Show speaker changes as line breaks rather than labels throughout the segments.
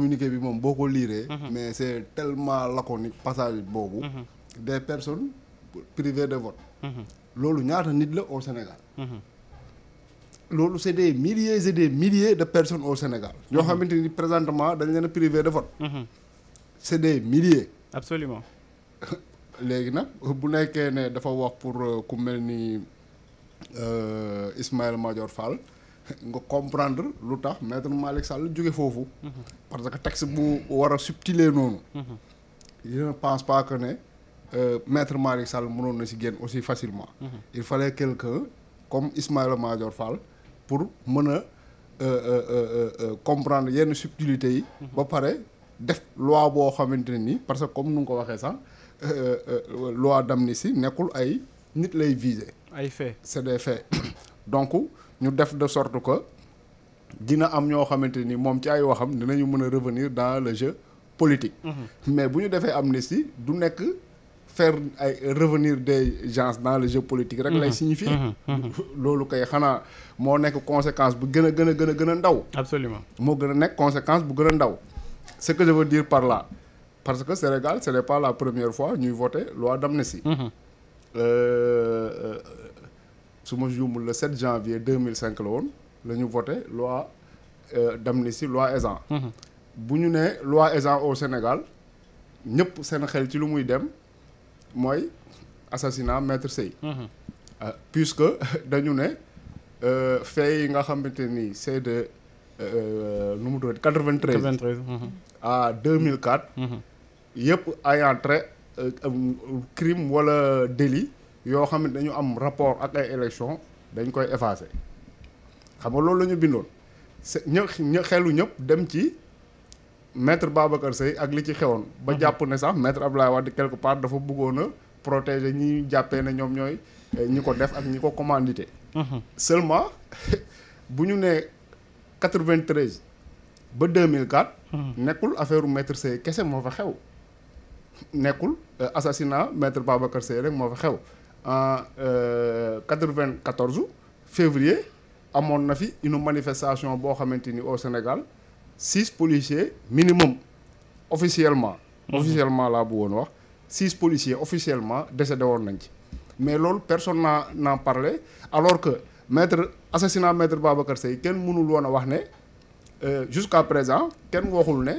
communiqué bi moom boo ko liiree. Mhm. mais c' est tellement laconique passage boobu. Mhm. des personnes privées de vote. Mhm. loolu ñaata nit la au Sénégal. loolu c' est des milliers et de personnes au Sénégal. ñoo xamante ni présentement dañ leen a privé de vote. c' est des milliers. absolument léegi nag bu nekkee ne dafa wax pour euh, ku mel ni euh, Ismaïla Madior Fall. nga comprendre lu tax maître Malick Sall jóge foofu. parce que texte bu war a subtiler noonu. je pense pas que ne euh, maître Malick Sall mënoon na si génn aussi facilement. il fallait quelqu'un comme Ismaïla Madior Fall pour mën a euh, euh, comprendre yenn subtilité yi. ba pare def loi boo xamante nii parce que comme nu nga ko waxee sax loi d'amnistie nekkul ay nit lay viser. ay faits c'est des faits ñu def de sorte que dina am ñoo xamante ni moom ci ay waxam dinañu mën a revenir dans le jeu politique. Mhm. mais bu ñu defee amnistie du nekk faire ay revenir des gens dans le jeu politique. rek lay mhm. signifier. Mhm. loolu kay xanaa moo nekk conséquence bu gën a gën a gën gën a ndaw. absolument moo gën a nekk conséquence bu gën ndaw. ce que je veux par là parce que Sénégal ce n'est pas la première fois ñuy voter loi d'amnistie. Euh, euh, su ma juumul le 7 janvier 2005 la woon la ñu voté loi euh, d'amnistie loi Ezzan. Mhm. bu ñu nee loi Ezzan au Sénégal ñëpp seen xel ci lu muy dem mooy assassinat maître Sèye. Mhm. Euh, puisque dañu ne euh, fee nga xamante ni c'est de nu mu doon 93. 93 à 2004. Mhm. yëpp ayant trait crime wala délit. yoo xam ne dañu am rapport ak ay élection dañ koy effacé xam nga loolu la ñu bindoon ñë xelu ñëpp dem ci maître Babacar Seye ak li ci xewoon ba mhm. jàpp ne sax maître Abdoulaye Wade quelque part dafa bëggoon a protéger ñi jàppee ne ñoom ñooy eh, ñi ko def ak ñi ko commandité mhm. seulement bu ñu nee 93 ba mille 2004 mhm. nekkul affaire maître Seye kese moo fa xew nekkul eh, assassinat maître Babacar Seye rek moo fa xew en euh, 94 février amoon na fi une manifestation boo xamante ni au Sénégal six policiers minimum officiellement. Mm -hmm. officiellement laa bu woon wax six policiers officiellement décédé woon nañ ci. mais loolu personne n'a n'en parlé alors que maître assassinat maître Babacar Seye kenn mënul woon a wax ne euh, jusqu'à présent kenn waxul ne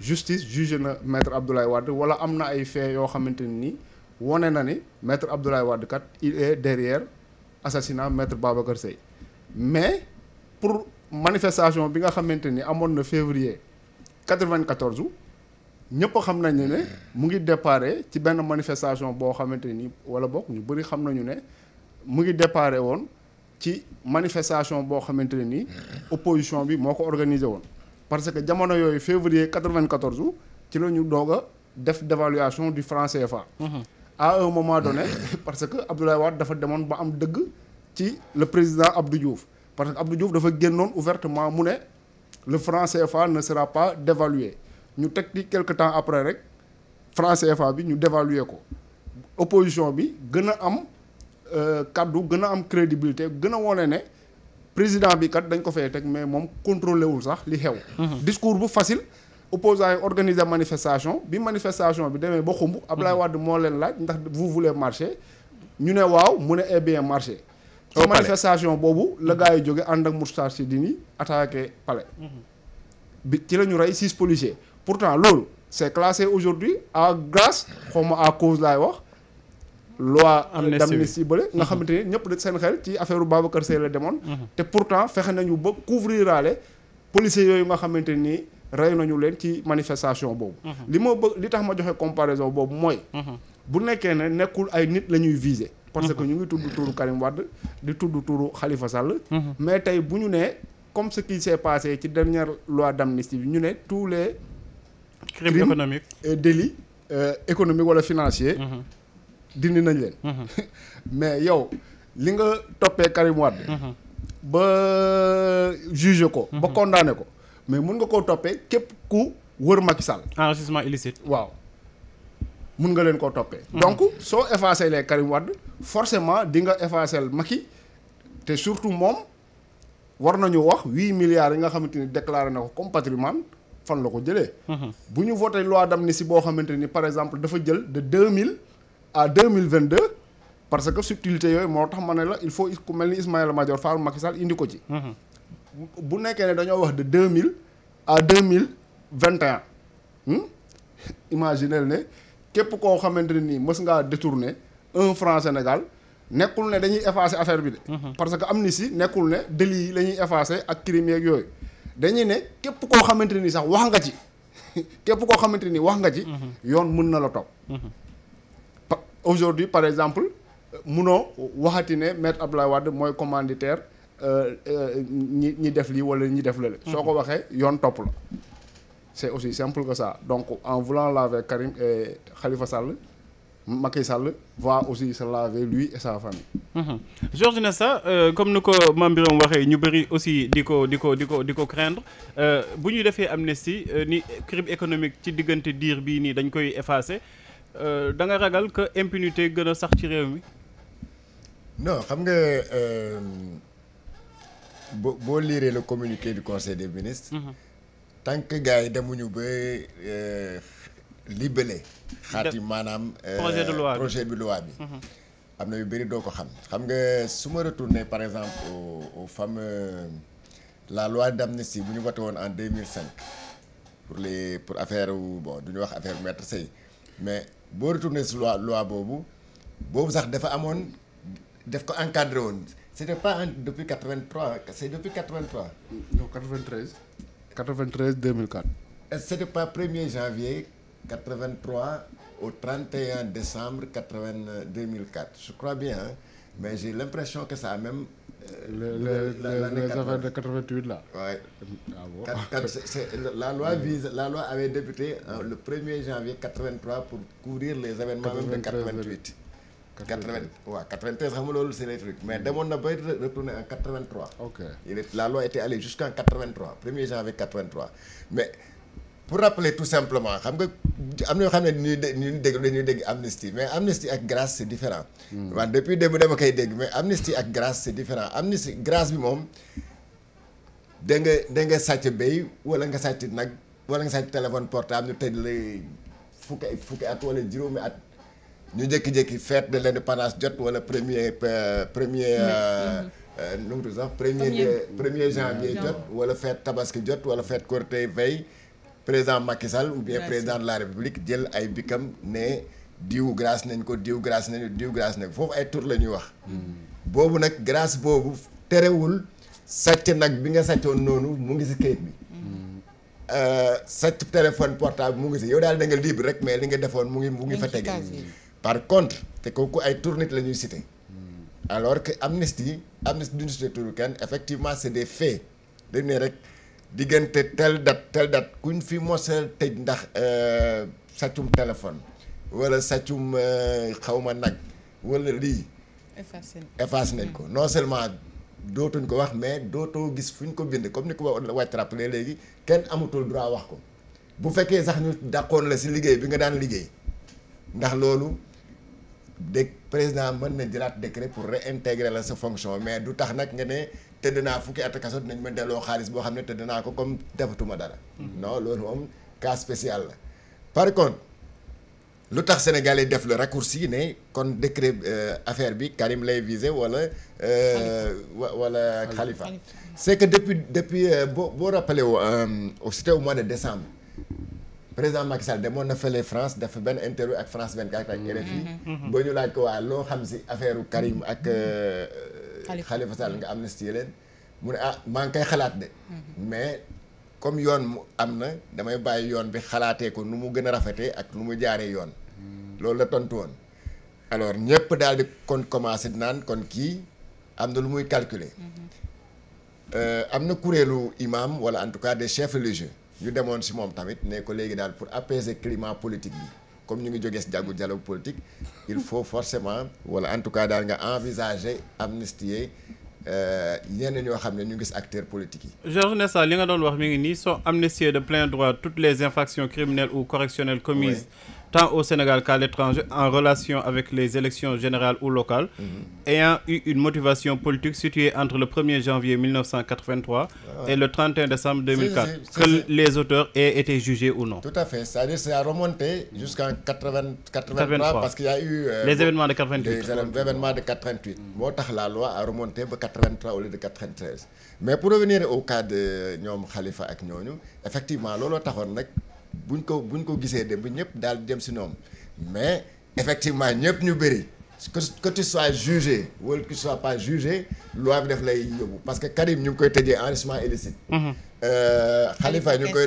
justice jugé na maître Abdoulaye Wade wala am na ay faits yoo xamante nii wone na ni maître Abdoulaye Wade kat il est derrière assassinat maître Babacar Seye mais pour manifestation bi nga xamante ni amoon na février 94 ñëpp xam nañu ne mu ngi déparé ci benn manifestation boo xamante ni wala bokk ñu bëri xam nañu ne mu ngi déparé woon ci manifestation boo xamante ne ni opposition bi moo ko organisé woon parce que jamono yooyu février 94 ci la ñu doog a def dévaluation du franc CFA. Mm-hmm. à un moment donné parce que Abdoulaye Wade dafa demoon ba am dëgg ci le président Abdou Diouf parce que Abdou Diouf dafa génnoon ouvertement mu ne le franc CFA ne sera pas dévaluer ñu teg ci quelque temps après rek franc CFA bi ñu dévaluer ko opposition bi gën a am euh, kaddu gën a am crédibilité gën a wone ne président bi kat dañ ko fay teg mais moom contrôlé wul sax li xew. Mhm. discours bu facile. opposants yi organiser manifestation bi manifestation bi demee ba xumb Ablaye mhm. Wade moo leen laaj ndax vous voulez marcher ñu ne waaw mu ne eh bien marcher ci manifestation boobu la mhm. gars yi jóge ànd ak Moustarchidine attaqué palais mhm. bi ci la ñu rey six policiers pourtant loolu c'est classé aujourd'hui à grâce xawma à cause laay wax loi d'amnistie bële nga xamante ni ñëpp da seen xel ci affaire Babacar Seye la demoon te pourtant fexe nañu ba couvrir aale yooyu nga xamante nii rey nañu leen ci manifestation boobu. Mhm. li ma bëgg li tax ma joxe comparaison boobu mooy. Mhm. bu nekkee ne nekkul ay nit la ñuy viser. parce que mhm. ñu ngi tudd turu Karim Wade di tudd turu Khalifa Sall. mais tey bu ñu nee comme ce qui s'est passé ci dernière loi d'amnistie bi ñu ne tous les. crimes économiques et délits euh, économiques wala financiers. dindi nañ leen. mais yow li nga toppee Karim Wade. ba juger ko. ba condamner ko. mais mun nga koo toppee képp ku wër Macky Sall. enrichissement illicite. waaw mun nga leen koo toppee. Hmm. donc soo effacé lee Karim Wade forcément di nga effacé Macky te surtout moom war nañu wax huit milliards yi nga xamante ni déclaré na ko comme patrimoine fan la ko jëlee. Hmm. bu ñu voté loi d'amnistie boo xamante ni par exemple dafa jël de deux mille à deux mille vingt deux parce que subtilité yooyu moo tax ma ne la il faut ku mel ni Ismaïla Madior Fall Macky indi ko ci. Hmm. bu nekkee ne dañoo wax de deux mille à deux mille vingt et un hmm? imaginel ne képp koo xamante ne nii mës ngaa détourner un franc Sénégal nekkul ne dañuy effacer affaire bi de. Mhm. parce que si nekkul ne délit yi la ñuy ak crime yooyu dañuy ne képp koo xamante ne nii sax wax nga ci képp koo xamante ne nii wax nga ci. Mhm. yoon mën na la topp. Mhm. aujourd'hui par exemple euh, munoo waxati ne maître Abdoulaye Wade mooy commanditaire. Euh, euh, ñi ñi def lii wala ñi def le soo ko waxee yoon topp la c'est aussi simple que ça donc en voulant laver Karim e xalifa Sall Macky Sall va aussi sa laver lui et sa famille.
Mhm. Georges Nesta euh, comme ni ko Mame waxee ñu bëri aussi di ko di ko di ko di ko craindre bu ñu defee amnistie ni crime économique ci diggante diir bii nii dañ koy effacer da nga ragal que impunité gën a sax ci réew mi.
non xam nga. boo boo liiree le communiqué du conseil des ministres. Mhm. tant que gars yi demuñu ba euh, libellé. xaati maanaam. Euh, projet de loi bi projet de bi. Mhm. am na yu bëri doo ko xam xam nga su ma retourné par exemple au fameux la loi d'amnistie bu ñu voté woon en 2005 pour les pour affaire bon du ñu wax affaire maître Sèye mais boo retourné si loi boobu boobu sax dafa amoon def ko encadré woon. c'était pas depuis 83 c'est depuis 83. non 93.
93 2004.
c'était pas 1er janvier 83 au 31 décembre 80 2004 je crois bien hein? mais j'ai l'impression que ça a même. Euh, le le le les
affaires là. Ah quatre, quatre, c'est, c'est, la loi la
loi avait débuté hein, le 1er janvier 83 pour couvrir les événements même de 88. 80 waaw 93 xam nga loolu c'est les trucs mais hmm. demoon na ba retourné en 83. ok il est la loi était allée jusqu'en 83 1er janvier 83 mais. pour rappeler tout simplement xam nga am na xam ne ñuy dé ñuy dégg dañuy dégg amnistie mais amnistie ak grâce c'est différent hmm. waaw depuis démb dama koy dégg mais amnistie ak grâce c'est différent amnistie grâce bi moom da nga da nga sàcc béy wala nga sàcc nag wala nga sàcc portable ñu tëj la fukki fukki at wala juróomi at ñu jékki-jékki fête de l'indépendance jot wala premier euh, premier. Euh, euh, nu mu sax premier de premier janvier jot. wala fête tabaski jot wala feet Korité veille président Macky Sall ou bien président de la République jël ay bikam ne diw grâce nañ ko diw grâce nañ diw grâce nañ ko foofu ay tour la ñuy wax. Hmm. boobu nag grâce boobu terewul sàcc nag bi nga sàccoon noonu mu ngi si kayit bi. Hmm. sàcc téléphone portable mu ngi si yow daal da libre rek mais li nga defoon mu ngi mu ngi fa tege. par contre te kooku ay tur nit la ñuy cité alors que amnistie amnistie duñu cité bi kenn effectivement c' est des faits dañ rek diggante telle date telle date kuñ fi mosal tëj ndax euh, sàccum téléphone wala sàccum euh, xawma nag wala lii. efface nañ ko non seulement dootuñ ko wax mais dootoo gis fu ñu ko bind comme ni ko wa wàcc rappelé léegi kenn amatul droit wax ko bu fekkee sax ñu dàqoon la si liggéey bi nga daan liggéey ndax loolu. dé président mën na jëlaat décret pour réintégrer la sa fonction mais du tax nag nga ne tëdd naa fukki at kaso nañ ma delloo xaalis boo xam ne tëdd naa ko comme defatuma dara. Mhm. non loolu moom cas spécial la. par contre lu tax sénégalais def le raccourci ne kon décret euh, affaire bi Karim lay visé wala. Euh, wala Khalifa. c'est que depuis depuis euh, boo boo rappelé wu c'était au mois de décembre. président Macky Sall demoon na fële France dafa benn interview ak France 24 ak RFI. Mm-hmm. Mm-hmm. ba ñu laaj ko waa loo xam si affaire Karim ak. Euh, Khalifa Sall nga amnistie leen. mu ne ah maa ngi koy xalaat de.
Mm-hmm.
mais comme yoon mu am na damay bàyyi yoon bi xalaatee ko nu mu gën a rafete ak nu mu jaaree yoon. Mm. loolu la tontu woon. alors ñëpp daal di kon commencé naan kon kii am na lu muy calculer. Euh, am na kuréelu imam wala en tout cas des chefs religieux. ñu demoon si moom tamit ne ko léegi daal pour apaiser climat politique bi comme ñu ngi jógee si jàggu dialogue politique il faut forcément wala en tout cas daal nga envisager amnistier ñenn euh, ñoo xam ne ñu gis acteurs politiques
yi. Georges Nessa li nga doon wax mi ngi nii sont amnistiés de plein droit toutes les infractions criminelles ou correctionnelles commises. Oui. tant au Sénégal qu'à l'étranger, en relation avec les élections générales ou locales, mm -hmm. ayant eu entre le 1er janvier 1983 ah et le 31 décembre 2004, si,
si, si, a remonté jusqu'en 83 parce qu'il y a eu... Euh, les événements de 88. Les événements a remonté de 83 au Mais pour revenir au cas de Nyom Khalifa et effectivement, Lolo Tahon, buñ ko buñ ko gisee dem ba ñëpp daal dem si noom mais effectivement ñëpp ñu bëri que que tu sois jugé wala que tu sois pas jugé loi bi def lay yóbbu parce que Karim ñu ngi koy tëjee enrichissement illicite. Mhm. Euh, Khalifa ñu ngi koy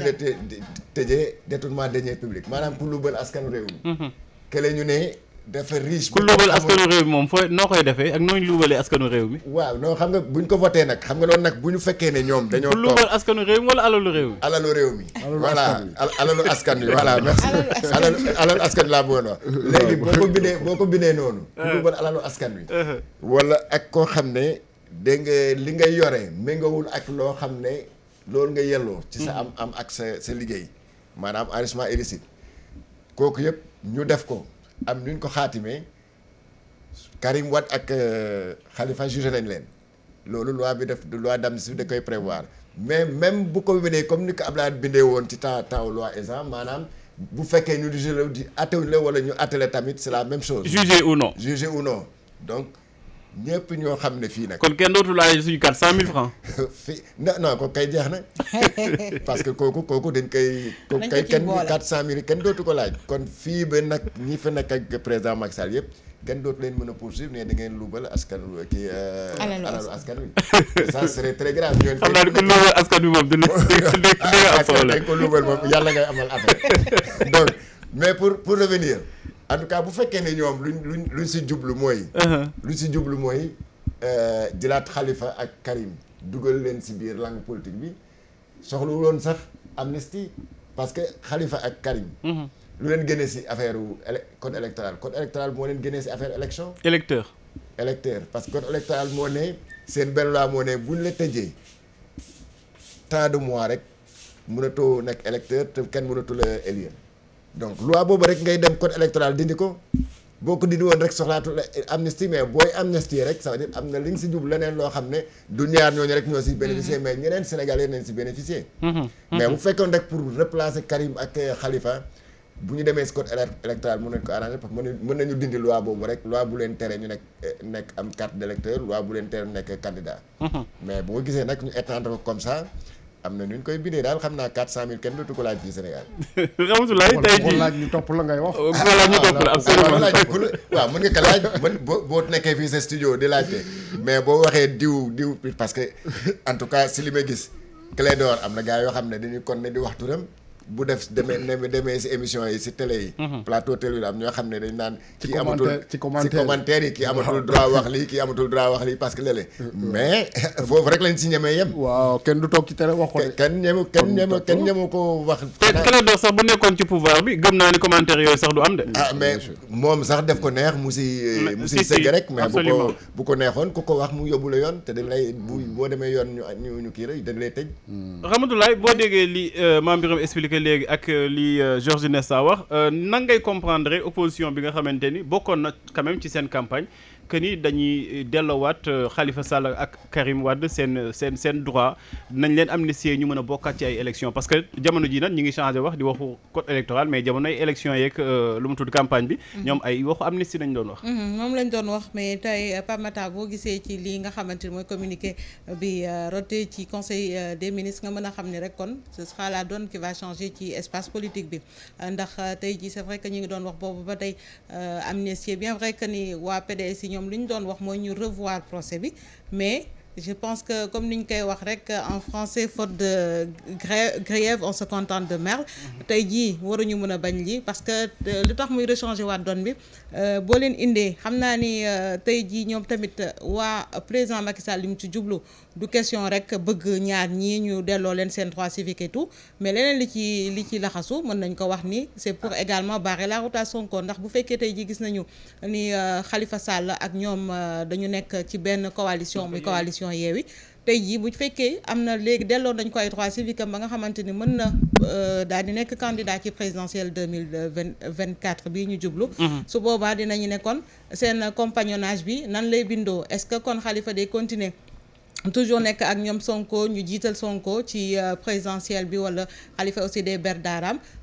tëjee détournement deniers publics maanaam pour lu bëri askanu réew mi. Mhm. kële ñu ne. dafa riche. ku luubal askanu réew
moom foo noo koy defee ak nooñu luubalee askanu réew mi.
waaw non xam nga buñ ko voté nag xam nga loolu nag bu ñu fekkee ne ñoom. dañoo toog ku luubal askanu réew mi wala alalu réew mi. alalu réew mi alalu askan wi voilà askan laa bëggoon wax. léegi boo ko bindee boo ko bindee noonu. ku eh. luubal alalu askan wi. Eh. wala ak koo xam ne dégg nga li ngay yore méngawul ak loo xam ne loolu nga yelloo. ci sa am am ak sa liggéey maanaam enrichissement illicite kooku yëpp ñu def ko. am ñu ko xaatimee Karim wat ak euh, Khalifa jugé nañ leen loolu loi bi def loi d'amnistie da koy prévoir mais même bu ko bindee comme ni ko Abdoulaye bindee woon ci temps temps loi Ezzan maanaam bu fekkee ñu jugé di attéwuñ la wala ñu attelé tamit c'est la même chose. jugé ou non jugé ou ñëpp ñoo xam ne fii nag. kon kenn dootu laaj suñu quatre cent mille francs. fii non non ko kay jeex na parce que kooku kooku dañ koy. kooku kay kenn quatre cent mille kenn dootu ko laaj. kon fii ba nag ñi fa nekk ak président Macky Sall yëpp kenn dootu leen mën a poursuivre ne da ngeen luubal askan wi kii. Euh, alalu askan wi ça serait très grave. askan wi moom dina dina am solo ko luubal moom yàlla ngay amal affaire donc mais pour pour revenir en tout bu fekkee ne ñoom lu ñu luñ si jublu mooy. Uh-huh. luñ si jublu mooy euh, jilaat Khalifa ak Karim dugal leen si biir langue politique bi soxlu woon sax amnistie parce que Khalifa ak Karim. Uh-huh. lu leen génnee si affaire code électoral code électoral moo leen génnee si affaire élection. électeur. électeur parce que code électoral moo ne seen benn loi moo ne buñ la tëjee tant de mois rek mënatoo nekk électeur te kenn mënatu la élire. donc loi boobu rek ngay dem code électoral dindi ko boo ko dindi woon rek soxlaatul amnistie mais booy amnistie rek ça veut am na li nga si jub leneen loo xam ne du ñaar ñooñu rek ñoo si bénéficier mhm. mais ñeneen sénégalais nañ si bénéficier
mhm. mais mhm. bu
fekkoon rek pour replacer Karim ak euh, Khalifa bu ñu demee si code électoral mën nañ ko arrangé parce que mën nañu dindi loi boobu rek loi bu leen tere ñu nekk euh, nekk am carte d'électeur loi bu leen tere boo gisee nag ñu étendre am na ñu koy bindee daal xam naa 400000 kenn dootu ko laaj fii Sénégal. Ramatoulaye tey jii laaj ñu topp la ngay wax. waaw laaj ñu topp la absolument laaj waaw mën nga ko laaj mën boo boo nekkee fii sa studio di laajte mais boo waxee diw diw parce que en tout cas si li ma gis Clédor am na gars yoo xam ne dañuy kon ne di waxturam bu def demee demee si émission yi si télé yi. Mhm. plateau télé yi am ñoo xam ne dañ naan. ci commentaire
ci commentaire
yi kii amatul droit wax lii kii amatul droit wax lii parce que léeg mais foofu rek lañ si ñemee yem. waaw kenn du toog ci télé wax ko de. kenn ñeme kenn ñeme ko wax. te Clédor sax bu nekkoon ci pouvoir bi gëm naa ni commentaire yooyu sax du am de. Ah, mais moom sax def ko neex mu si.
Euh, sëgg rek mais bu ko bu
ko neexoon ku ko wax mu yóbbu
la léegi ak euh, li euh, Georges Nesta wax euh, nan ngay comprendre opposition bi nga xamante ni bokkoon na quand même ci seen campagne que ni dañuy delloowaat euh, Khalifa Sall ak Karim Wade seen seen droit nañ leen amnistier ñu mën a bokkaat ci ay élections parce que jamono ji nag ñu ngi changé wax di waxu code électoral mais jamono ay élections euh, lu mu tudd campagne bi. Mhm. ñoom ay waxu amnistie nañ doon wax.
Mhm, moom lañ doon wax mais tey euh, Pape boo gisee ci lii nga xamante mooy communiqué bi roté ci conseil des ministres nga mën a xam ni rek kon ce sera qui va changer ci espace politique li ñu doon wax mooy ñu revoir procès bi mais je pense que comme ni ñu koy wax rek en français faute de grief on se contente de merle tey jii waruñu mën a bañ lii parce que euh, li tax muy rechanger waat doon bi euh, boo leen indee xam naa ni euh, tey jii ñoom tamit waa président Macky Sall li mu ci jublu du question rek bëgg ñaar ñii ñu delloo leen seen droit civique tout mais leneen li ci li ci laxasu mën nañ ko wax ni c'est pour également barrer la route à Sonko ndax bu fekkee tey ji gis nañu ni xalifa euh, Sall ak ñoom euh, dañu nekk ci benn coalition muy coalition Yewwi tey jii bu fekkee am na léegi delloo nañ koy ay droit ba nga xamante ni mën na euh, daal di nekk candidat ci présidentielle deux mille vingt quatre bii ñu jublu. Mhm. su boobaa dinañu ne kon seen compagnonnage bi nan lay bindoo est-ce que kon Khalifa day continuer toujours nekk ak ñoom Sonko ñu jiital Sonko ci euh, présidentielle bi wala Khalifa aussi day ber daaraam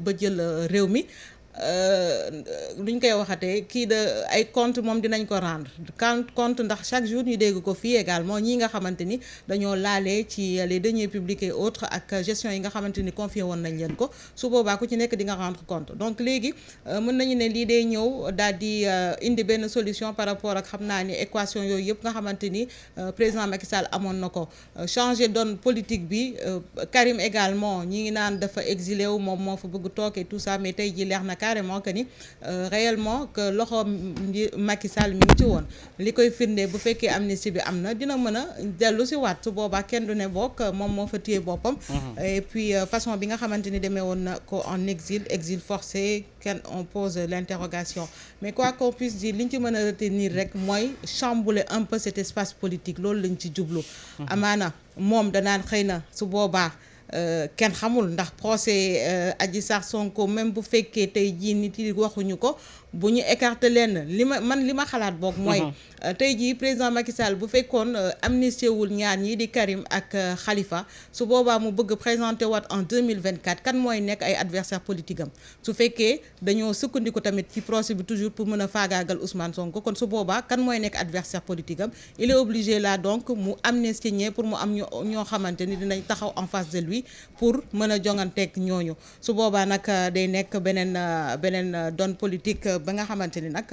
ba jël euh, réew mi luñ euh, koy waxatee kii de ay compte moom dinañ ko rendre compte ndax chaque jour ñu dégg ko fii également ñi nga xamante ni dañoo laalee ci les deniers publics et ak gestion yi nga xamante ni confié woon nañ leen ko su boobaa ku ci nekk di nga rendre compte donc léegi euh, mën nañu ne lii day ñëw daal di euh, indi benn solution par rapport ak xam naa ni équation yooyu yëpp nga xamante ni président Macky Sall amoon na ko changé donne politique bi Karim également ñi ngi naan dafa exilé wu moom carrément que ni euh, réellement que loxo nji Macky Sall mi ngi ci woon li koy firnde bu fekkee am si bi am na dina mën a dellu si waat su boobaa kenn du ne bokk moom moo fa téye boppam mhm. et euh, façon bi nga xamante ni demee woon na ko en exil exil forcé kenn on pose l'interrogation mais quoi qu'on puisse li liñ ci mën a retenir rek mooy chambouler un peu cet espace politique loolu lañ ci jublu mhm. amaana moom danaan xëy na su boobaa Euh, kenn xamul ndax procès euh, aji Sarr Sonko même bu fekkee tey jii nit yi waxuñu ko bu ñu écarté leen li ma man li ma xalaat book mooy mhm. euh, tey jii président Macky Sall bu fekkoon amnistie wul ñaar ñii di Karim ak Khalifa su boobaa mu bëgg présenté waat en 2024 kan mooy nekk ay adversaire politique am su fekkee dañoo sukkandiku tamit ci procès bi toujours pour mën a faagaagal Ousmane sonk kon su boobaa kan mooy nekk adversaire politique am il est obligé donc mu amnistie ñee pour mu am ñoo xamante ni dinañ taxaw en face pour mën a jonganteeg ñooñu su boobaa nag euh, day nekk beneen euh, beneen euh, don politique ba nga xamante ni nag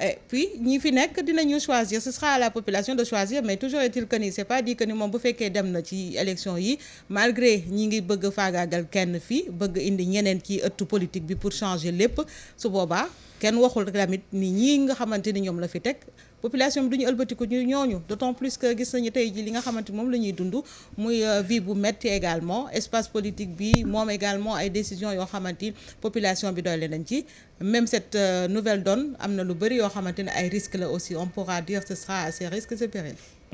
et puis ñi fi nekk dinañu choisir ce sera la population de choisir mais toujours est-il que ni c'est pas ni moom bu fekkee dem na ci élection yi malgré ñi ngi bëgg faagaagal kenn fii bëgg indi ñeneen ci ëttu politique bi pour changer lépp su boobaa kenn waxul tamit ni ñi nga xamante ni ñoom la fi teg population bi du ñu ëlbatiku ñu ñooñu d'autant plus que gis nañu tey ji li nga xamante moom la ñuy dund muy euh, vie bu métti également espace politique bi moom également ay décisions yoo xamante population bi doy nañ ci même cette euh, nouvelle donne am na lu bëri yoo xamante ne ay risques la aussi on pourra dire sa sera à ces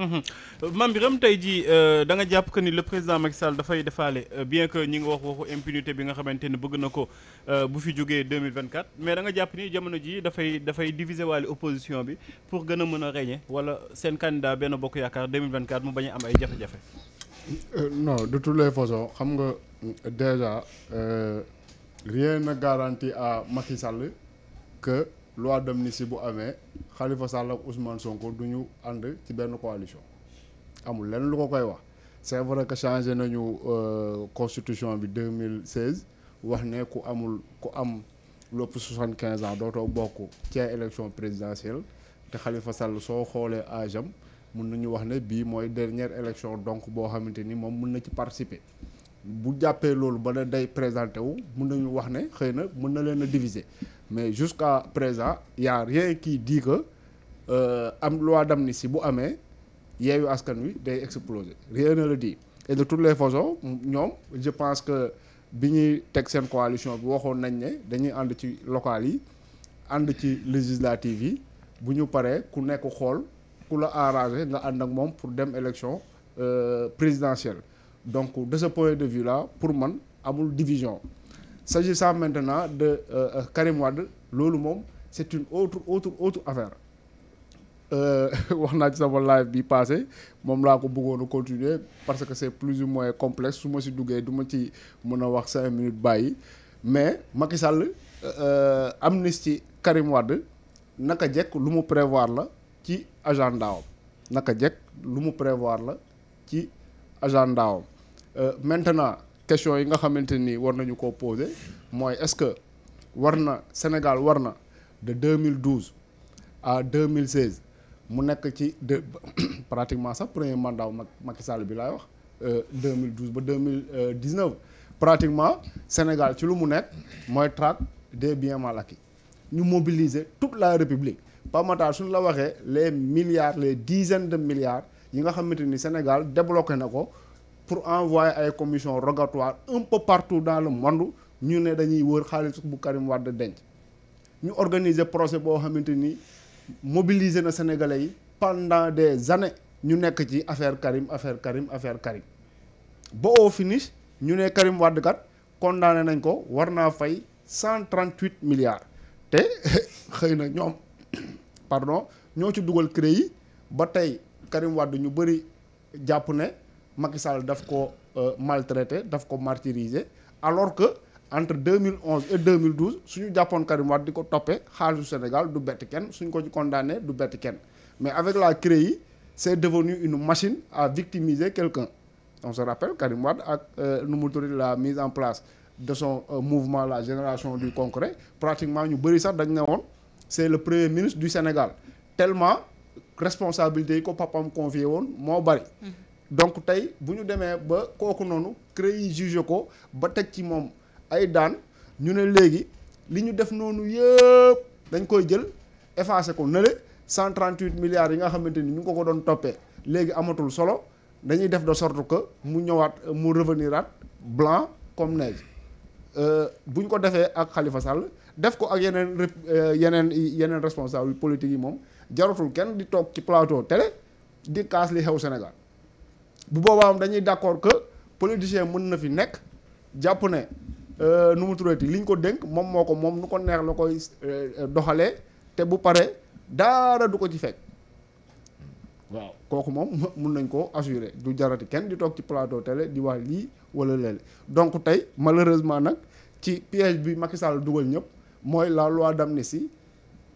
Euh, Mame Birame tey jii euh, da nga jàpp que ni le président Macky Sall dafay defaale euh, bien que ñi nga wax waxu impunité bi nga xamante ni bëgg na ko bu fi jógee 2024 mais danga jàpp ni jamono jii dafay dafay diviser waale opposition bi pour gën a mën a régner wala seen candidat benn bokk yaakaar 2024 mu bañ a am ay jafe-jafe.
non de toutes les xam nga déjà rien ne garantit à Macky Sall que. loi d'amnistie bu amee xalifa Sall ak Ousmane Sonko du ñu ànd ci benn coalition amul lenn lu ko koy wax c'est vrai que changé nañu euh, constitution bi 2016 wax ne ku amul ku am lu ëpp quinze ans dootoo bokk ci élection présidentielle te xalifa Sall soo xoolee agem mun nañu wax ne bii mooy dernière élection donc boo xamante ni moom mun na ci participer. bu jàppee loolu ba da day présenté wu mun nañu wax ne xëy na mun na leen a diviser mais jusqu'à présent y a rien qui dit que euh, am loi d'amnistie bu amee yeeyu askan wi day exploser rien ne le dit et de toutes les façons ñoom je pense que bi ñuy teg seen coalition bi waxoon nañ ne dañuy ànd ci local yi ànd ci législative yi bu ñu paree ku nekk xool ku la arrangé nga ànd ak moom pour dem élection euh, présidentielle donc de ce point de vue là pour man amul division s'agissant maintenant de euh, euh, Karim Wade loolu moom c'est une autre autre autre affaire euh, wax naa ci sama live bi passé moom laa ko bëggoon a parce que c'est plus ou moins complexe su ma si duggee du ma ci mën a wax cinq minutes bàyyi mais Macky Sall euh, amnistie Karim Wade naka jekk lu mu prévoir la ci agenda am naka jekk lu mu prévoir la ci agenda am euh, maintenant question yi nga xamante ni war nañu ko poser mooy est-ce que war na Sénégal war na de 2012 à 2016 mu nekk ci de pratiquement sax premier mandat wu Macky Sall bi laay wax 2012 euh, ba 2019 pratiquement Sénégal ci lu mu nekk mooy traque des biens mal acquis ñu mobiliser toute la République Pape Makhtar suñu la waxee les milliards les dizaines de milliards yi nga xamante ni Sénégal débloqué na ko pour envoyer ay commission rogatoire un peu partout dans le monde ñu ne dañuy wër xaalis bu Karim Wade denc ñu organiser procès boo xamante ni mobiliser na Sénégalais yi pendant des années ñu nekk ci affaire Karim affaire Karim affaire Karim ba au finish ñu ne Karim Wade kat condamné nañ ko war naa fay cent trente-huit te xëy na ñoom pardon ñoo ci dugal crédit ba tey Karim Wade ñu bëri jàpp ne Macky Sall daf ko euh, maltraité daf ko martyrisé alors que entre 2011 et 2012 su ñu jàppoon Karim Wade di ko toppee xaalisu Sénégal du bett kenn suñ ko ci condamné du bett kenn mais avec la CREI c'est devenu une machine à victimiser quelqu'un on se rappelle Karim Wade ak euh, nu mu tudd la mise en place de son euh, mouvement la génération du concret pratiquement ñu bëri sax dañ ne woon c'est le premier ministre du Sénégal tellement responsabilité yi ko papam confié woon moo bari. donc tey bu ñu demee ba kooku noonu CREI yi ko ba teg ci moom ay daan ñu ne léegi li ñu def noonu yëpp dañ koy jël effacé ko nële 138 milliards yi nga xamante ni ñu ngi ko ko doon toppee léegi amatul solo dañuy def de sorte que mu ñëwaat mu reveniraat blanc comme neige euh, bu ñu ko defee ak Khalifa Sall def ko ak yeneen euh, yeneen yeneen responsable politique yi moom. jarutul kenn di toog ci plateau tele di kaas li xew Sénégal bu boobaam dañuy d'accord que politicien mën na fi nekk jàpp ne euh, nu mu tuddati liñ ko dénk moom moo ko moom nu ko neex la koy euh, doxalee te bu pare daara du ko ci fekk waaw kooku moom mun nañ koo assurer du jarati kenn di toog ci plateau télé di wax lii wala léeg donc tey malheureusement nag ci piège bi Macky Sall dugal ñëpp mooy la loi d'amnistie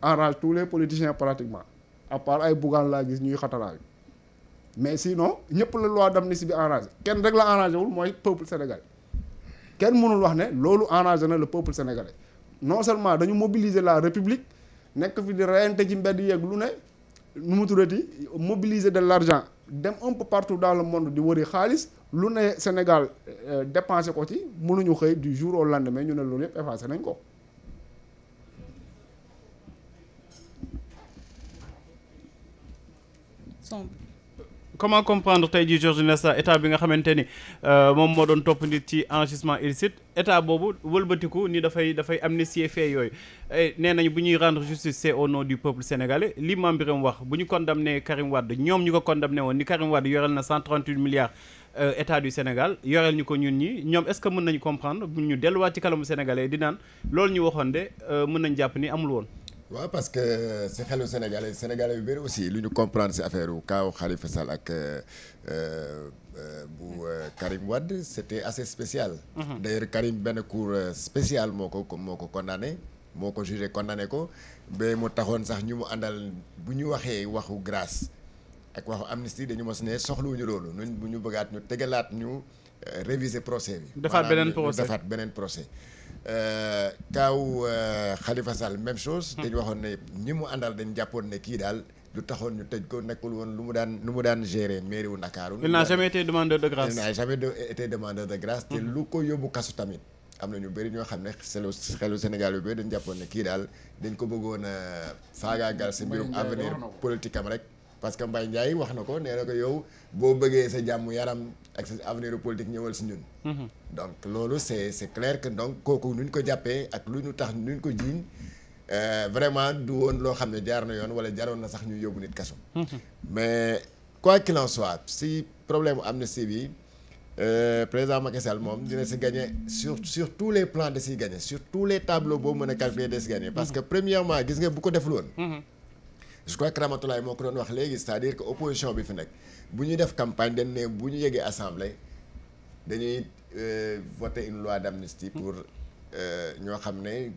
enrage tous les politiciens pratiquement à part ay Bougane laa gis ñuy xataraayu mais sinon ñëpp la loi d'amnistie bi enragé kenn rek la enragé wul mooy peuple sénégalais kenn mënul wax ne loolu enragé na le peuple sénégalais non seulement dañu mobiliser la république nekk fi di reyante ci mbedd yeeg lu ne nu mu tuddati mobiliser de l'argent dem un peu partout dans le monde di wëri xaalis lu ne Sénégal euh, dépensé ko ci mënuñu xëy du jour au lendemain ñu ne loolu yëpp
effacé nañ ko sombre. comment comprendre tey jii Georges Nesta état bi nga xamante ni euh, moom moo doon topp nit ci enrichissement illicite état boobu wëlbatiku ni dafay dafay amnistier fee yooyu nee nañu bu ñuy rendre justice c'est au nom du peuple sénégalais li Mame Birame wax bu ñu condamné Karim Wade ñoom ñu ko condamné woon ni Karim Wade yoreel na 138 milliards euh, état du Sénégal yoreel ñu ko ñun ñi ñoom est-ce que mën nañu comprendre bu ñu delluwaat ci kalamu sénégalais di naan loolu ñu waxoon de euh, mën nañ jàpp ni amul
waaw parce que euh, si xelu sénégalais sénégalais yu bëri aussi lu ñu comprendre si affaire wu kaaw Khalifa Sall ak euh, euh, bu Karim Wade c'était assez spécial. Mhm. d'ailleurs Karim benn cour spécial moo ko moo ko condamné. moo ko jugé condamné ko ba mu taxoon sax ñi mu àndal bu ñu waxee waxu grâce ak waxu amnistie dañu mos ne ñu loolu nuñ bu ñu bëggaat ñu tegalaat ñu réviser procès bi. defaat beneen procès defaat beneen procès. Euh, kaaw euh, Khalifa Sall même chose. Hmm. dañu waxoon ne ñi mu àndal dañ jàppoon ne kii daal lu taxoon ñu tëj ko nekkul woon lu mu daan lu mu daan gérer mairie wu Ndakaaru. il n'a jamais
été demandeur de grâce. il n'a
jamais été demandeur de grâce. te hmm. lu ko yóbbu kasu tamit. am na ñu bëri ñoo xam ne xelu xelu Sénégal yu bëri dañ jàppoon ne kii daal dañ ko bëggoon a euh, faagaagal si mbirum avenir politique am rek. parce que Mbaye Ndiaye wax na ko nee na ko yow boo bëggee sa jàmm yaram ak sa avenir politique ñëwal si ñun. Mhm. donc loolu c' est c' que donc kooku nu ñu ko jàppee ak lu ñu tax nu ñu ko jiiñ euh, vraiment du woon loo xam ne jaar na yoon wala jaroon na sax ñu yóbbu nit kaso. Mhm. mais quoi qu'il en soit si problème amnistie bi euh, président Macky Sall moom dina si gagné sur tous les plans da siy gagné sur tous les tableaux boobu mën a calculer da si gagné. parce mhm. que premièrement gis nga bu ko deful woon. je crois que Ramatoulaye moo ko doon wax léegi c'est-à-dire opposition bi fi nekk bu ñu def campagne dañ ne bu ñu yegee assemblée dañuy euh, voter une loi d'amnistie pour euh, ñoo xam ne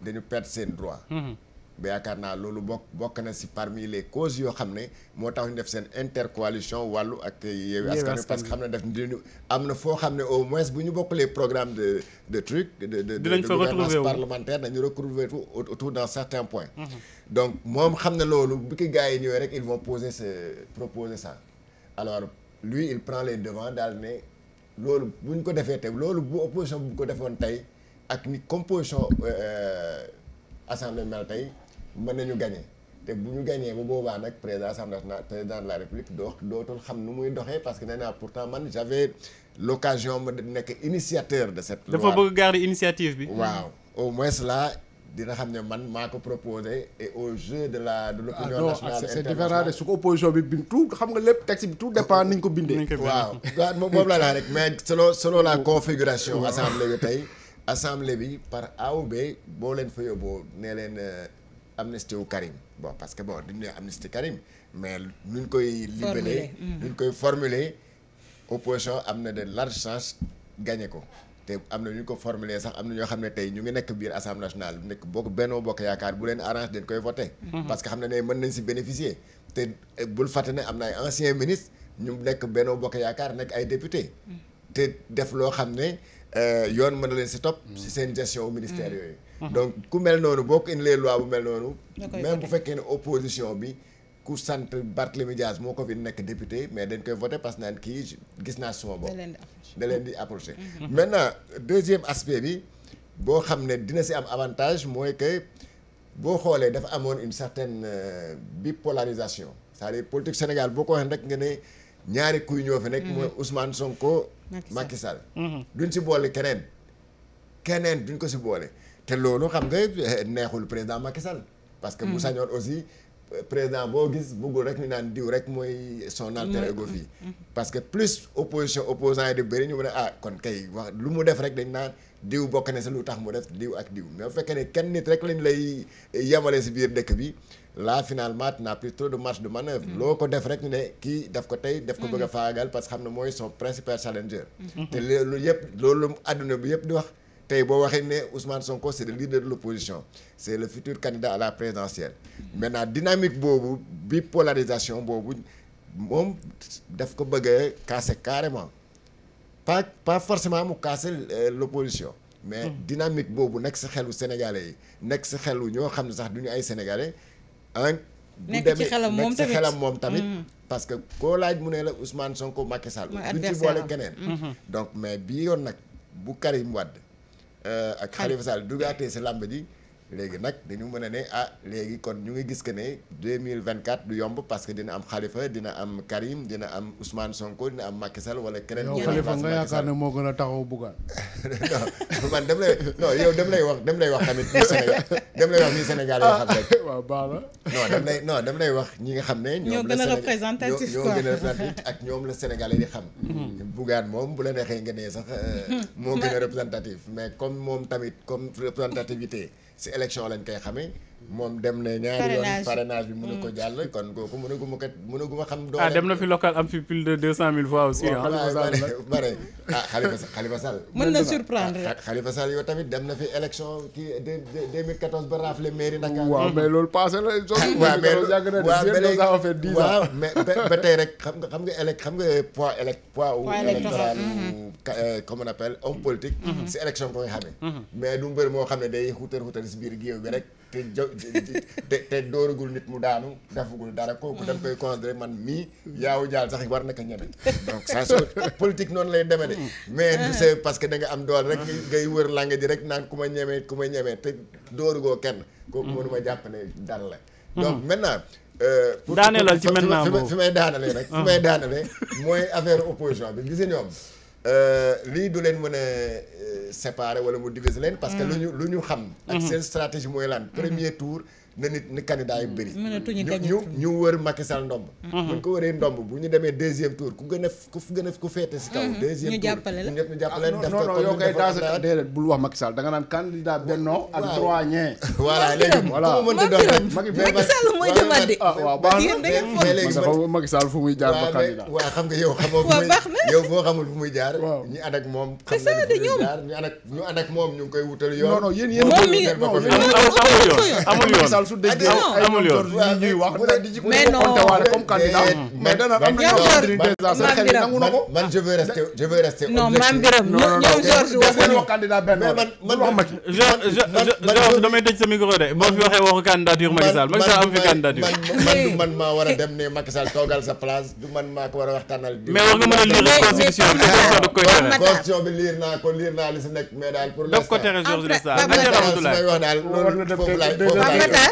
dañu perdre seen droit. Mm-hmm. ba yaakaar naa loolu bokk bokk na si parmi les causes yoo xam ne moo tax ñu def seen intercoalition wàllu ak Yewwi Askan Wi parce que xam ne def dinu am na foo xam ne au moins bu ñu bokkulee programme de de truc de de gouvernance parlementaire dañu retrouver tout autour dans certains points mm-hmm. donc moom xam ne loolu bu ki gars yi ñëwee rek ils vont poser ce proposer ça alors lui il prend les devants daal ne loolu bu ñu ko defee tey loolu bu opposition bu ko defoon tey ak ni composition euh, euh, assemblée mel tey mën nañu gagné te bu ñu gagné bu boobaa nag président assemblée nationale président de la république doo dootul xam nu muy doxee parce que nee naa pourtant man j'avais l'occasion ma nekk initiateur de cette loi
initiative bi. waaw
au moins là. dina xam ne man maa ko proposé et au jeu de la de ah, l'opinion ah nationale c'est différent
de su ko opposition bi tout xam nga lépp texte bi tout dépend ni ko bindee waaw moom la laa rek
mais solo selon la configuration assemblée bi tey assemblée bi par A B boo leen fa yóbboo nee leen euh, amnistie wu Karim bon parce que bon duñ ne amnistie Karim mais nuñ koy. libellé mm. nuñ koy formuler opposition am na de large chance gagné ko. te am na ñu ko formulé sax am na ñoo xam ne tey ñu ngi nekk biir assemblée nationale nekk bokk Benno Bokk Yaakaar bu leen arrange dañ koy voté. Mm-hmm. parce que xam ne ne mën nañ si bénéficier. te eh, bul fàtte ne am na ay anciens ministres ñu nekk Benno Bokk Yaakaar nekk ay député mm. te def loo xam ne eh, yoon mën na le si topp. si seen gestion ministère mm. yooyu. Mhm. donc ku mel noonu boo ko indilee loi bu mel noonu. même bu fekkee ne opposition bi ku sant Barthélemy Dias moo ko fi nekk député mais dañ koy voté parce que naan kii gis naa suma bopp. da leen di approché mhm. Mhm. maintenant deuxième aspect bi boo xam ne dina si am avantage mooy que boo xoolee dafa amoon une certaine euh, bi c'est-à-dire politique Sénégal boo ko waxee rek nga ne ñaari kuy ñoo fi nekk. mooy Ousmane Sonko. Macky Sall duñ si boole keneen. keneen duñ ko si boole. te loolu xam nga eh, neexul président Macky Sall. parce que bu hmm. sañoon aussi président boo gis buggul rek ñu naan diw rek mooy son alter ego fii. Hmm, hmm. parce que plus opposition opposant yi di bëri ñu mën a ah kon kay wax lu mu def rek dañ naan diw bokk na si lu tax mu def diw ak diw mais bu fekkee ne kenn nit rek lañ lay eh, yemale si biir dëkk bi. là finalement n'a plus trop de marge de manœuvre loo ko def rek ñu ne kii daf ko tey daf ko bëgg a faagaal parce que xam ne mooy son loolu yëpp loolu àdduna bi yëpp di wax. tey boo waxee ne Ousmane Sonko c'est le leader de l'opposition c'est le futur candidat à la présidentielle maintenant dynamique boobu bi polarisation boobu moom daf ko bëgg a casser carrément pas pas forcément mu casser euh, l'opposition mais mm. dynamique boobu nekk si xelu sénégalais yi nekk si xelu ñoo xam ne sax du ñu ay sénégalais ah nekk ci xelam moom xelam moom tamit. Mm-hmm. parce que koo laaj mu ne la Ousmane Sonko Macky Sall. duñ ci boole keneen. Mm-hmm. donc mais bii yoon nag bu Karim Wade Euh, ak Khalifa Sall dugaatee si làmb ji léegi nag dañu mën a ne ah léegi kon ñu ngi gis que ne 2024 du yomb parce que dina am Khalifa dina am Karim dina am Ousmane Sonko dina am Macky Sall wala keneen. yow
moo gën a taxaw Bougane.
non man dem lay non yow dem lay wax dem lay wax tamit ñi dem Sénégal yoo xam baax na. non dem lay non lay wax ñi nga xam ne. ñoo gën a représentatif quoi ak ñoom la Sénégalais di xam. Mm-hmm. Bougane moom bu la neexee nga nee sax euh, mm-hmm. moo gën a représentatif mais comme moom tamit comme représentativité. si élection lañ koy xamee moom dem na ñaari yoon parrainage bi mënu ko mm. jàll kon kooku mënu gu ma kat mënu gu ma xam ah, doole ah dem
na fi local am fi plus de deux cent mille fois aussi bare ah Khalifa Sall Khalifa Sall mën na surprendre
ah, Khalifa Sall yow tamit dem na fi élection ci 2014 ba rafle mairie Dakar waaw mais loolu passé la yàgg na waaw en fait dix ans mais ba tey rek xam nga xam nga élect xam nga poids élect poids ou électoral mm-hmm. euh, comme on appelle homme politique mm-hmm. si élection ko nga xamee mm-hmm. mais du mbër moo xam ne day xuutar xuutar si biir géew bi rek te ja te nit mu daanu defagul dara kooku dañ koy considéré man mii yaawu jaal sax war na ko ñeme donc ça so politique noonu lay demee de mais du c'est parce que da nga am doole rek ngay wër langue ji rek naan ku ma ñemee ku ma ñemee te doorugoo kenn kooku mënuma jàpp ne dara la donc hmm. maintenant euh, daaneelal ci maintenant fi may daanalee rek fi may hmm. daanalee mooy affaire opposition bi gis ñoom Euh, lii du leen mën a euh, séparer wala mu diviser leen. parce que mm. lu ñu lu ñu xam. ak mm-hmm. seen stratégie mooy lan. Mm-hmm. premier tour. na nit na candidat yi bëri. Mm. ñu ñu wër Macky Sall ndomb. Mm-hmm. bu ñu ko wëree ndomb bu ñu demee deuxième tour ku gën a ku gën a ku féete si kaw. Mm-hmm. deuxième tour ñu jàppale la ñëpp ñu jàppale ah,
def da nga naan candidat Benno ak trois ñee. voilà léegi voilà ku mu mënta doon
Macky fu muy jaar ba candidat. xam nga yow xamoo fu muy muy jaar. waaw ñu ànd ak moom. xam nga fu muy jaar ñu ànd ak ñu moom ñu ngi koy wutal yoon. non amul yoon daal su déggee ah, amul yoon ñuy wax mais non comme candidat mais dana am na ñoo xam ko man je veux rester
je veux rester non Mame Birame
ñoom George waxuñu
benn man man
wax Macky je je de am fi candidature
man du man a dem ne Macky Sall toogal sa place du man maa ko war a waxtaanal mais war nga mën a lire a bi da koy
tere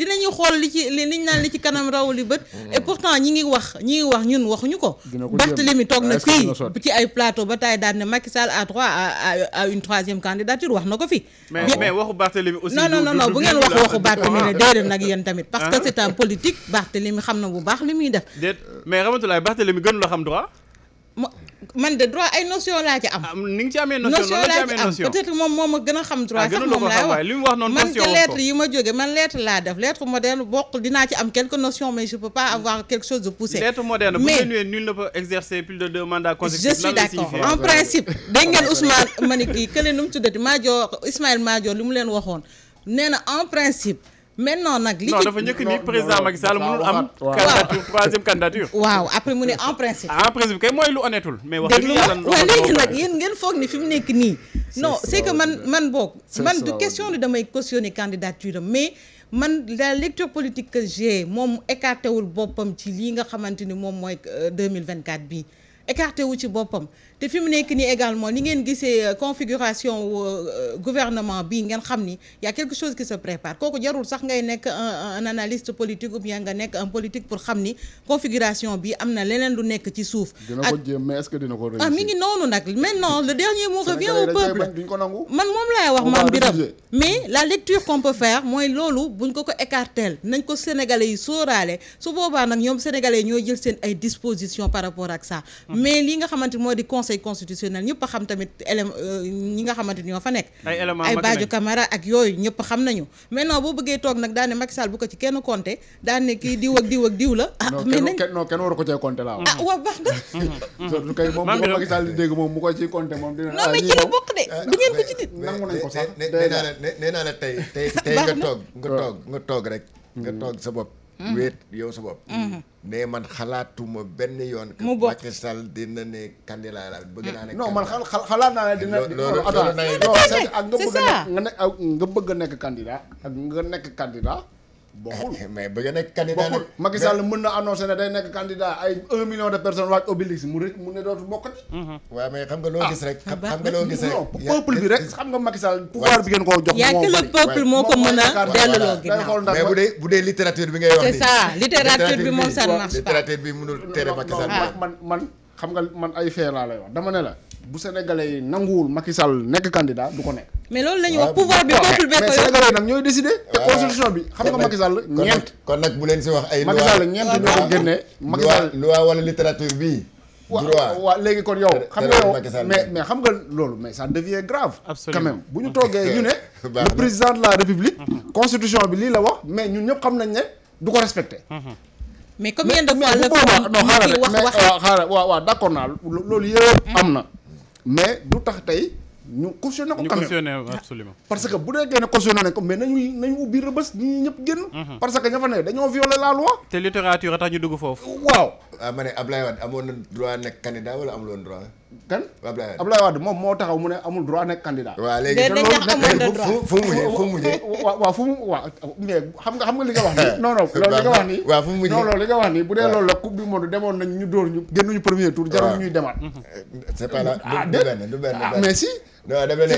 dinañu xool li ci li liñ naan li ci kanam raw li bët mm. et pourtant ñi ngi wax ñi ngi wax ñun waxuñu ko Barthélemy toog na fii ci ay plateau ba taay daan ne Macky Sall à trois à une troisième candidature wax na ko fi mais
waxu Barthélemy aussi non non non bu ngeen wax waxu Barthélemy ne déedéet nag
yéen tamit parce que ah. c'est un politique Barthélemy xam na bu baax li muy def
mais Ramatoulaye Barthélemy gën xam droit
man de droit ay notion laa ci am. Ah, ni nga ci amee notion laa ci amee peut-être moom moo ma gën a xam droit ah, sax moom laa wax li mu wax noonu man ci lettre yi ma jóge man lettre laa def lettre moderne bokk dinaa ci am quelques notions mais je peux pas avoir quelque chose de poussé. lettre moderne bu ñu nee
nul ne peut exercer plus de deux mandats consécutifs. je en principe.
dégg ngeen Ousmane ma ni kii kële nu mu tuddati li mu leen waxoon nee na en principe. maintenant nag. li ci non dafa njëkk ni président Macky Sall mënul am.
candidature
troisième candidature. waaw après mu ne en principe. Ah, en principe kay mooy lu honnêtul. mais wax léegi nag yéen ngeen foog ni fi mu nekk nii. non c'est que man man boog. man du question de damay cautionner candidature am mais. man la lecture politique que j'ai moom écarté wul boppam ci lii nga xamante ni moom mooy 2024 bii écarté wu ci boppam. te fi mu nekk nii également ni ngeen gisee euh, configuration euh, gouvernement bi ngeen xam ni y a quelque chose qui se prépare kooku jarul sax ngay nekk un analyste politique ou bien nga nekk un politique pour xam ni configuration bi am na leneen lu nekk ci suuf.
dina ko jéem mais
est-ce que dina ko réussir ah mi ngi noonu nag maintenant le dernier mot revient au peuple man moom laay wax maam Biram mais la lecture qu'on peut mooy loolu buñ ko ko écartel nañ ko sénégalais yi sóoraale su boobaa ñoo jël seen ay dispositions par rapport ak ça hmm. conseil constitutionnel ñëpp a xam tamit élément euh, ñi nga xamante ñoo fa nekk ay Badio Camara ak yooyu ñëpp xam nañu maintenant boo bëggee toog nag daane Macky Sall bu ko ci kenn compté daane kii diw ak diw ak diw la ah mais nañ
non kenn waru ko cee compté laa ah mhm, mhm. moom bu ko Macky Sall di dégg moom
ko ci compté moom dina ah, ci la bokk
de eh, du ngeen ko eh, ci dit nangu nañ
ko sax nee naa la nee naa la tey tey tey nga toog nga toog nga toog rek nga mhm. toog sa bopp Mm-hmm. wéet yow sa bopp mais mm-hmm. man xalaatuma benn yoon que Macky Sall dina ne candidat la bëgg naa ne non man xalaat naa ne dina loolu attends ak nga bëgg a nekk nga bëgg
a nekk ak nga nekk candidat bokkul mais bëgg a nekk candidat bokkul Macky na annoncé ne day nekk candidat ay un million de personnes waaj obélix mu rek mu ne dootu bokkati waaw mhm. mais xam
nga loo gis ah. rek ah. xam nga loo gis peuple bi rek xam nga Macky pouvoir bi ngeen koo jox yàgg la peuple moo ko mën a bu dee bu dee littérature bi ngay wax c'est ça littérature bi moom ça
ne marche pas man man xam nga man ay fee laa lay wax dama ne la bu sénégalais yi nanguwul Macky Sall nekk candidat du ko nekk
mais loolu la ñu wax pouvoir bi peuple bee ko sénégalais
nag ñooy décidé te constitution bi xam nga Macky Sall ñeent kon nag bu leen si wax ay
Macky Sall ñeent
ñoo ko génnee Macky Sall loi wala littérature bii waaw kon yow xam nga yow
mais xam nga loolu mais ça devient ñu toogee ñu ne le président la république constitution bi lii la wax mais ñun ñëpp xam nañ ne du ko respecté mais combien de fois la non xaaral mais euh, xaaral waaw waaw d'accord naa loolu yëpp am na mais du tax tey ñu cautionné ko quand même ñu parce que bu dee génne cautionné nañ ko mais nañu ubbi rëbës ñi ñëpp génn. Mhm. parce que ña fa ne dañoo violer la loi.
te littérature tax ñu
dugg foofu. waaw. ah ma ne
Ablaye moo taxaw mu ne amul droit nekk candidat. waaw léegi te loolu fu fu mujjee fu mujjee. waaw fu mu waaw mais xam nga xam nga li wax nii. non loolu li nga wax nii. bu dee loolu la coupe du monde demoon nañ ñu dóor ñu. premier tour jarul ñuy demaat.
Mhm. c'est non dama ne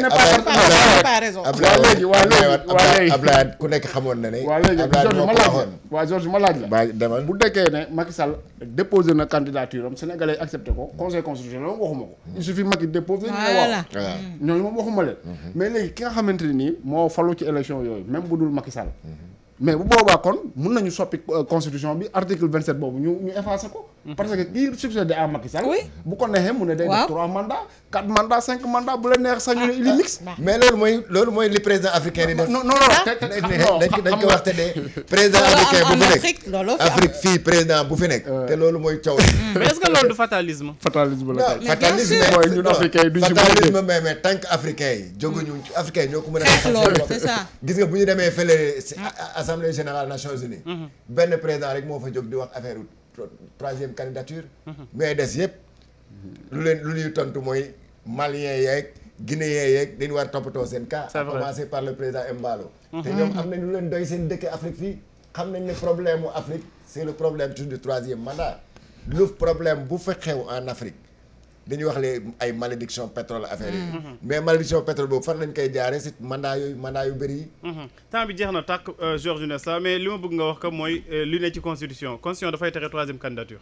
Ablaye Ablaye ku nekk xamoon na ne. Ablaye moo ko waxoon waaw Georges ma laaj la waaw Georges bu dekkee ne
Macky Sall déposé na candidature am Sénégalais accepté ko conseil constitutionnel moom waxuma ko. il suffit Macky déposé. voilà ñu ne ah. moom waxuma leen. Mhm. mais léegi ki nga xamante ne nii moo falu ci élection yooyu même bu dul Macky Sall. Mhm. mais bu boobaa kon mun nañu soppi euh, constitution bi article boobu ñu ñu ko. parce que kii succédé à Macky Sall. bu ko neexee mu ne day def trois mandats
quatre mandats cinq mandats bu la neex sañu ne li mix. Ah, mais loolu mooy loolu mooy li président africain di ah, def. non non non ah. dañ ko wax te de président africain bu fi nekk Afrique fii président bu fi nekk. Euh. te loolu mooy coow. Hmm. mais est-ce que loolu du fatalisme. fatalisme la kay fatalisme mooy ñun africain yi duñ ci fatalisme mais mais tant que africain yi jóguñu hmm. africain ñoo ko mën a. xeex loolu c'est ça gis nga bu ñu demee fële assemblée générale Nations Unies. Hmm. benn président rek moo fa jóg di wax affaire troisième candidature. Mhm. mais des yëpp. lu leen lu ñuy tontu mooy malien yeeg guinéen yeeg dañu war toppatoo seen cas. à commencer par le président Embalo. Mhm. te ñoom am nañu lu leen doy seen dëkk Afrique fii xam nañ ne problème mu Afrique c' est le problème du troisième mandat. lu problème bu fa xew en Afrique. dañu wax les ay malédiction pétrole affaire yi. Mm-hmm. mais malédiction pétrole boobu fan lañ koy jaaree si mandat yooyu mandat yu bëri yi.
Mm-hmm. temps bi jeex na tàkk euh, Georges Nessa mais li ma bëgg nga wax ko mooy euh, li ne ci constitution constitution dafay tere troisième candidature.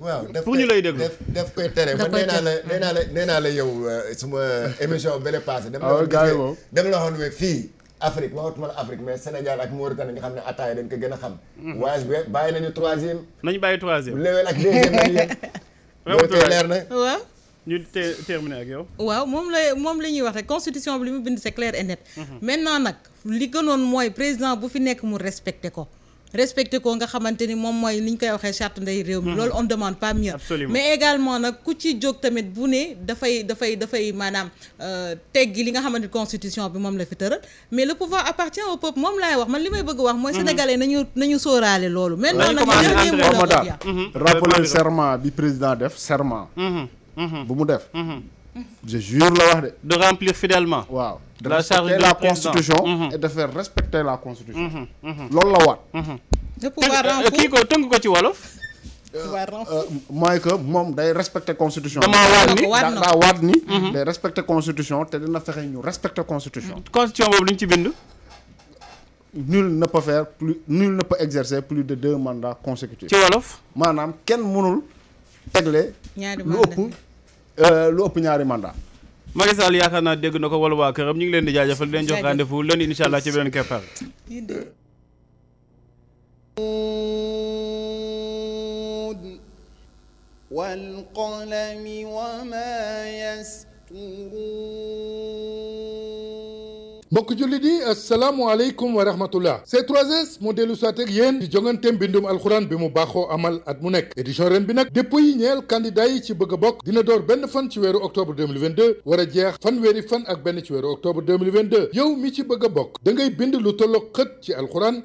waaw daf pour ñu lay déglu daf daf koy tere man nee naa la nee naa la nee naa la yow euh, suma émission bële paase. waaw gars yi moom dem la fii. Afrique waxatuma la Afrique mais Sénégal ak Mauritanie nga xam ne ataaya dañ ko gën a xam. Mm-hmm. waaye
bàyyi tey leer na waaw ñu
terminé ak yow. waaw moom la moom la ñuy wax rek constitution bi li mu bind c'est clair et net. Mhm. maintenant nag li gënoon mooy président bu fi nekk mu respecté ko. respecté ko nga xamante ni moom mooy li ñu koy waxee charte ndey réew mi hmm. loolu on demande pas mieux Absolument. mais également nag ku ci jóg tamit bu ne dafay dafay dafay maanaam euh, teggi li nga xamante ni constitution bi moom la fi tëral mais le pouvoir appartient au peuple moom laay wax man li may bëgg wax mooy hmm. sénégalais nañu nañu sóoraale loolu maintenant nag ñëw
hmm. rappelé serment bi président def serment bu mu def Mm-hmm.
je la wax de. de remplir fidèlement. waaw de la charge la constitution.
Mm-hmm. et de respecter la constitution.
Mm-hmm. loolu la waat. Euh, kii ko tënk ko ci wolof. pouvoir renfort
euh, euh, que moom day respecter constitution. damaa waat ni daa day respecter constitution te dina fexe ñu respecter constitution. constitution boobu lu ñu ci bind. nul ne peut faire plus nul exercer plus de deux mandats consécutifs. ci wolof maanaam kenn mënul tegle.
ñaari lu ëpp.
Euh, lu ëpp ñaari mandat
Macky yaakaar naa dégg na ko wala waa këram ñu ngi leen di jaajëfal di leen jox rendez-vous leen incha ci beneen keppaar.
wal qalami wa ma
yasturuun
mbokk jullit yi asalaamualeykum wa rahmatullah C3S moo dellu soit ak yéen di jongante mbindum alxuraan bi mu baaxoo amal at mu nekk édition ren bi nag dépôt yi ñeel candidat yi ci bëgg bokk dina door benn fan ci weeru octobre 2022 war a jeex fanweeri fan ak benn ci weeru octobre 2022 yow mi ci bëgg bokk dangay bind lu tolloog xët ci alxuraan